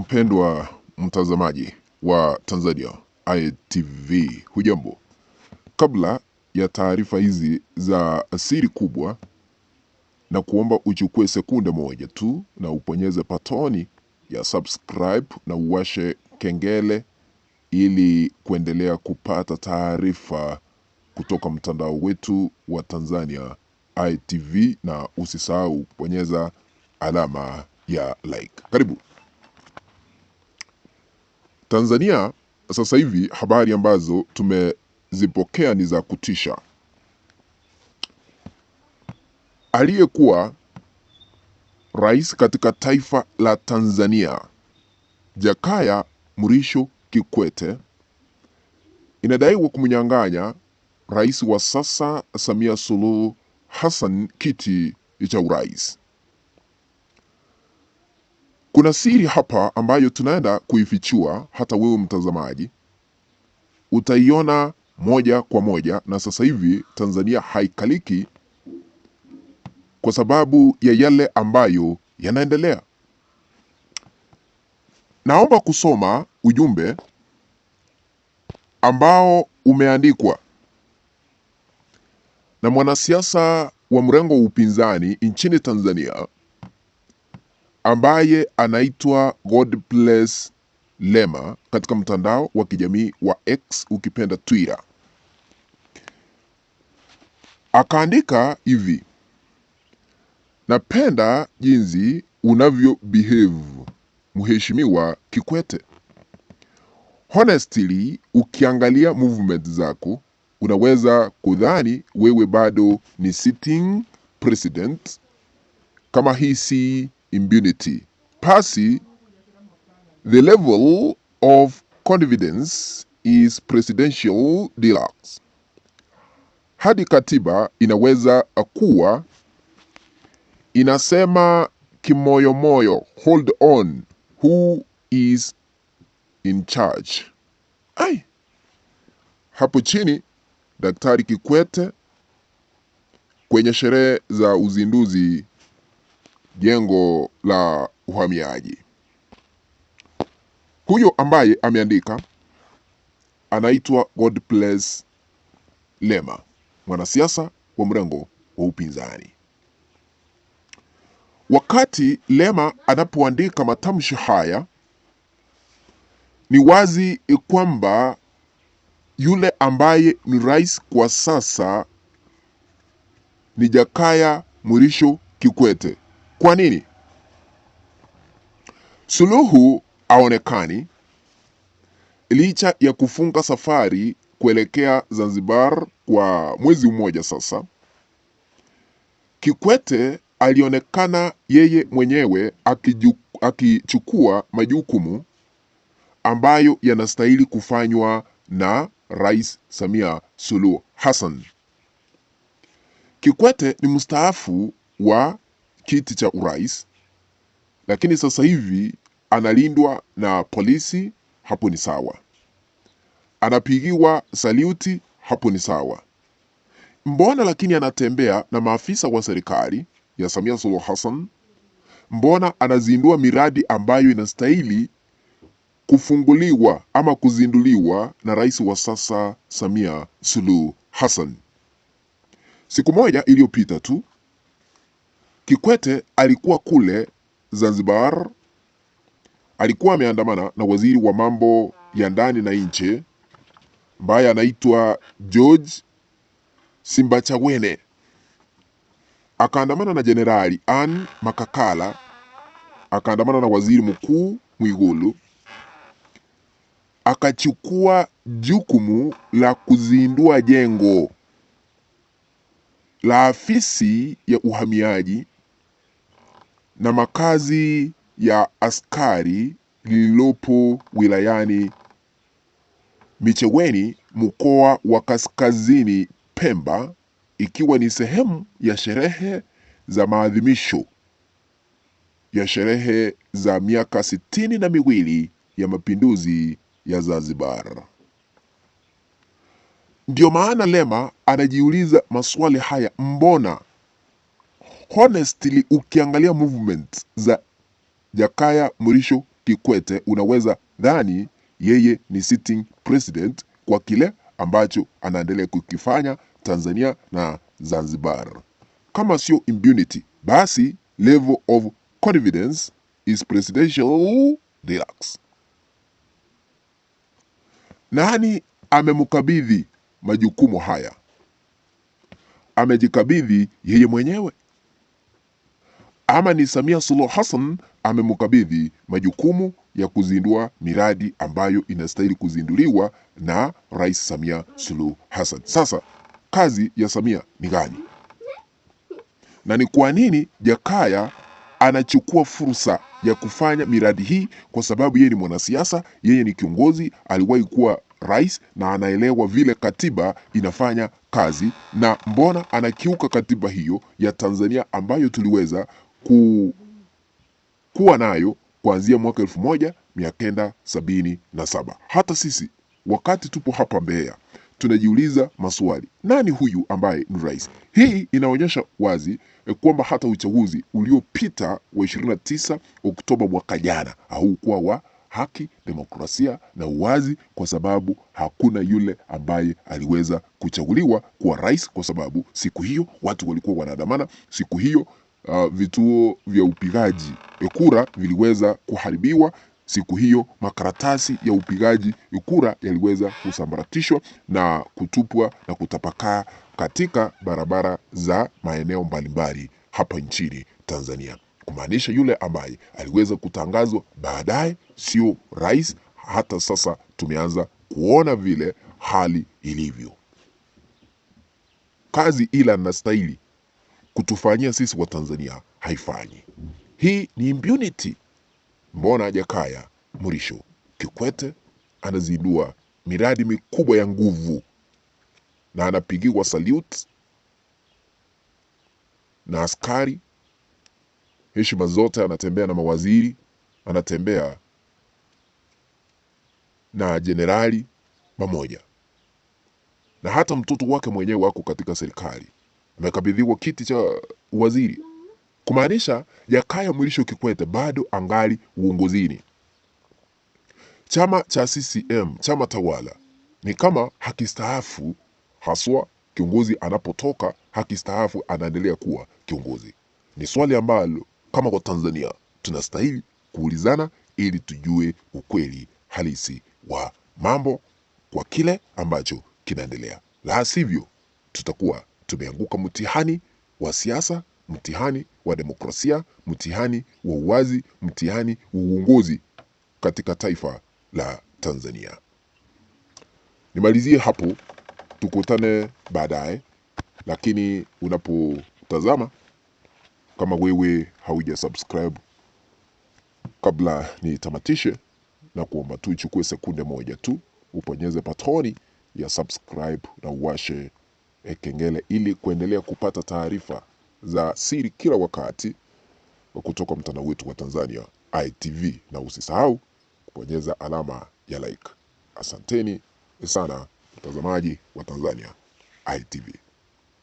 Mpendwa mtazamaji wa Tanzania ITV, hujambo? Kabla ya taarifa hizi za asiri kubwa, na kuomba uchukue sekunde moja tu na uponyeze patoni ya subscribe na uwashe kengele ili kuendelea kupata taarifa kutoka mtandao wetu wa Tanzania ITV, na usisahau kubonyeza alama ya like. Karibu. Tanzania sasa hivi habari ambazo tumezipokea ni za kutisha. Aliyekuwa rais katika taifa la Tanzania Jakaya Mrisho Kikwete inadaiwa kumnyang'anya rais wa sasa Samia Suluhu Hassan kiti cha urais. Kuna siri hapa ambayo tunaenda kuifichua, hata wewe mtazamaji utaiona moja kwa moja. Na sasa hivi Tanzania haikaliki kwa sababu ya yale ambayo yanaendelea. Naomba kusoma ujumbe ambao umeandikwa na mwanasiasa wa mrengo wa upinzani nchini Tanzania ambaye anaitwa Godbless Lema katika mtandao wa kijamii wa X ukipenda Twitter, akaandika hivi: napenda jinsi unavyo behave Mheshimiwa Kikwete. Honestly, ukiangalia movement zako unaweza kudhani wewe bado ni sitting president. Kama hii si immunity. Percy, the level of confidence is presidential deluxe. Hadi katiba inaweza kuwa inasema kimoyomoyo, hold on, who is in charge? Ai, hapo chini Daktari Kikwete kwenye sherehe za uzinduzi jengo la uhamiaji. Huyo ambaye ameandika anaitwa Godbless Lema, mwanasiasa wa mrengo wa upinzani. Wakati Lema anapoandika matamshi haya, ni wazi kwamba yule ambaye ni rais kwa sasa ni Jakaya Mrisho Kikwete kwa nini Suluhu aonekani licha ya kufunga safari kuelekea Zanzibar kwa mwezi mmoja sasa? Kikwete alionekana yeye mwenyewe akichukua majukumu ambayo yanastahili kufanywa na Rais Samia Suluhu Hassan. Kikwete ni mstaafu wa kiti cha urais, lakini sasa hivi analindwa na polisi, hapo ni sawa. Anapigiwa saluti, hapo ni sawa. Mbona lakini anatembea na maafisa wa serikali ya Samia Suluhu Hassan? Mbona anazindua miradi ambayo inastahili kufunguliwa ama kuzinduliwa na rais wa sasa Samia Suluhu Hassan? Siku moja iliyopita tu Kikwete alikuwa kule Zanzibar, alikuwa ameandamana na waziri wa mambo ya ndani na nje ambaye anaitwa George Simbachawene, akaandamana na Jenerali Ann Makakala, akaandamana na waziri mkuu Mwigulu, akachukua jukumu la kuzindua jengo la afisi ya uhamiaji na makazi ya askari lililopo wilayani Micheweni mkoa wa Kaskazini Pemba ikiwa ni sehemu ya sherehe za maadhimisho ya sherehe za miaka sitini na miwili ya mapinduzi ya Zanzibar. Ndiyo maana Lema anajiuliza maswali haya, mbona honestly, ukiangalia movement za Jakaya Mrisho Kikwete unaweza dhani yeye ni sitting president kwa kile ambacho anaendelea kukifanya Tanzania na Zanzibar. Kama sio immunity, basi level of confidence is presidential deluxe. Nani amemkabidhi majukumu haya? Amejikabidhi yeye mwenyewe ama ni Samia Suluhu Hassan amemkabidhi majukumu ya kuzindua miradi ambayo inastahili kuzinduliwa na Rais Samia Suluhu Hassan. Sasa kazi ya Samia ni gani? Na ni kwa nini Jakaya anachukua fursa ya kufanya miradi hii? Kwa sababu yeye ni mwanasiasa, yeye ni kiongozi, aliwahi kuwa rais na anaelewa vile katiba inafanya kazi, na mbona anakiuka katiba hiyo ya Tanzania ambayo tuliweza ku, kuwa nayo kuanzia mwaka elfu moja mia kenda sabini na saba. Hata sisi wakati tupo hapa Mbeya tunajiuliza maswali, nani huyu ambaye ni rais? Hii inaonyesha wazi eh, kwamba hata uchaguzi uliopita wa 29 Oktoba mwaka jana haukuwa wa haki, demokrasia na uwazi, kwa sababu hakuna yule ambaye aliweza kuchaguliwa kuwa rais, kwa sababu siku hiyo watu walikuwa wanaandamana siku hiyo uh, vituo vya upigaji kura viliweza kuharibiwa siku hiyo. Makaratasi ya upigaji kura yaliweza kusambaratishwa na kutupwa na kutapakaa katika barabara za maeneo mbalimbali hapa nchini Tanzania, kumaanisha yule ambaye aliweza kutangazwa baadaye sio rais. Hata sasa tumeanza kuona vile hali ilivyo. Kazi ila nastahili kutufanyia sisi wa Tanzania haifanyi. Hii ni impunity. Mbona Jakaya Mrisho Kikwete anazindua miradi mikubwa ya nguvu na anapigiwa salute na askari, heshima zote, anatembea na mawaziri, anatembea na jenerali pamoja na hata mtoto wake mwenyewe wako katika serikali amekabidhiwa kiti cha waziri kumaanisha Jakaya Mrisho Kikwete bado angali uongozini. Chama cha CCM, chama tawala, ni kama hakistaafu haswa. Kiongozi anapotoka hakistaafu, anaendelea kuwa kiongozi. Ni swali ambalo kama kwa Tanzania tunastahili kuulizana ili tujue ukweli halisi wa mambo kwa kile ambacho kinaendelea, la sivyo tutakuwa tumeanguka mtihani wa siasa, mtihani wa demokrasia, mtihani wa uwazi, mtihani wa uongozi katika taifa la Tanzania. Nimalizie hapo, tukutane baadaye. Lakini unapotazama kama wewe hauja subscribe, kabla nitamatishe na kuomba tu ichukue sekunde moja tu uponyeze patroni ya subscribe na uwashe Eh, kengele ili kuendelea kupata taarifa za siri kila wakati kutoka mtandao wetu wa Tanzania ITV, na usisahau kubonyeza alama ya like. Asanteni sana mtazamaji wa Tanzania ITV.